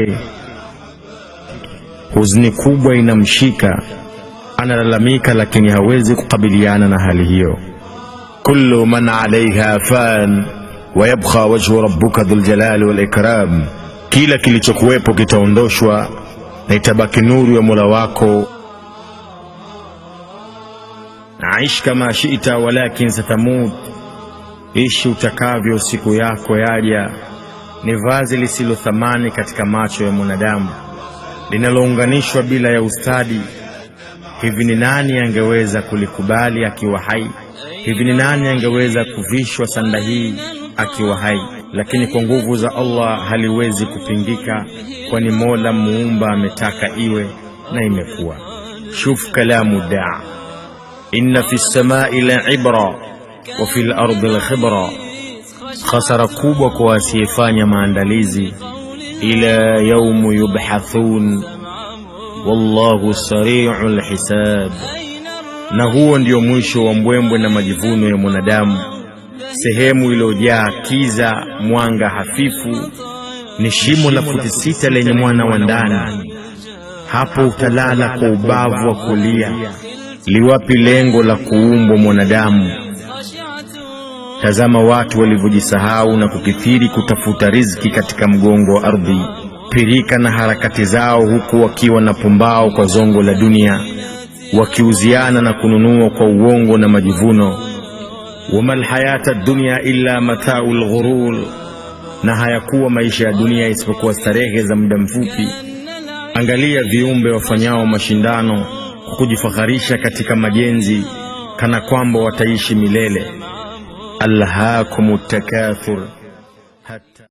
yake. Huzuni kubwa inamshika, analalamika, lakini hawezi kukabiliana na hali hiyo. kullu man alaiha fan wa yabqa wajhu rabbuka dhul jalali wal ikram, kila kilichokuwepo kitaondoshwa na itabaki nuru ya Mola wako. aish kama shita walakin satamut, ishi utakavyo, siku yako yaja ni vazi lisilo thamani katika macho ya mwanadamu, linalounganishwa bila ya ustadi. Hivi ni nani angeweza kulikubali akiwa hai? Hivi ni nani angeweza kuvishwa sanda hii akiwa hai? Lakini kwa nguvu za Allah haliwezi kupingika, kwani Mola muumba ametaka iwe na imekuwa. Shuf kalamu daa inna fi lsamai la ibra wa fi lardi lkhibra khasara kubwa kwa asiyefanya maandalizi. Ila yaumu yubhathun, wallahu sariu lhisab. Na huo ndio mwisho wa mbwembwe na majivuno ya mwanadamu, sehemu iliyojaa kiza, mwanga hafifu ni shimo la futi sita lenye mwana wa ndani. Hapo utalala kwa ubavu wa kulia. Liwapi lengo la kuumbwa mwanadamu? Tazama watu walivyojisahau na kukithiri kutafuta riziki katika mgongo wa ardhi, pirika na harakati zao, huku wakiwa na pumbao kwa zongo la dunia, wakiuziana na kununua kwa uongo na majivuno. Wama lhayata dunya illa mathau lghurur, na hayakuwa maisha ya dunia isipokuwa starehe za muda mfupi. Angalia viumbe wafanyao mashindano kwa kujifaharisha katika majenzi, kana kwamba wataishi milele. ألهاكم التكاثر حتى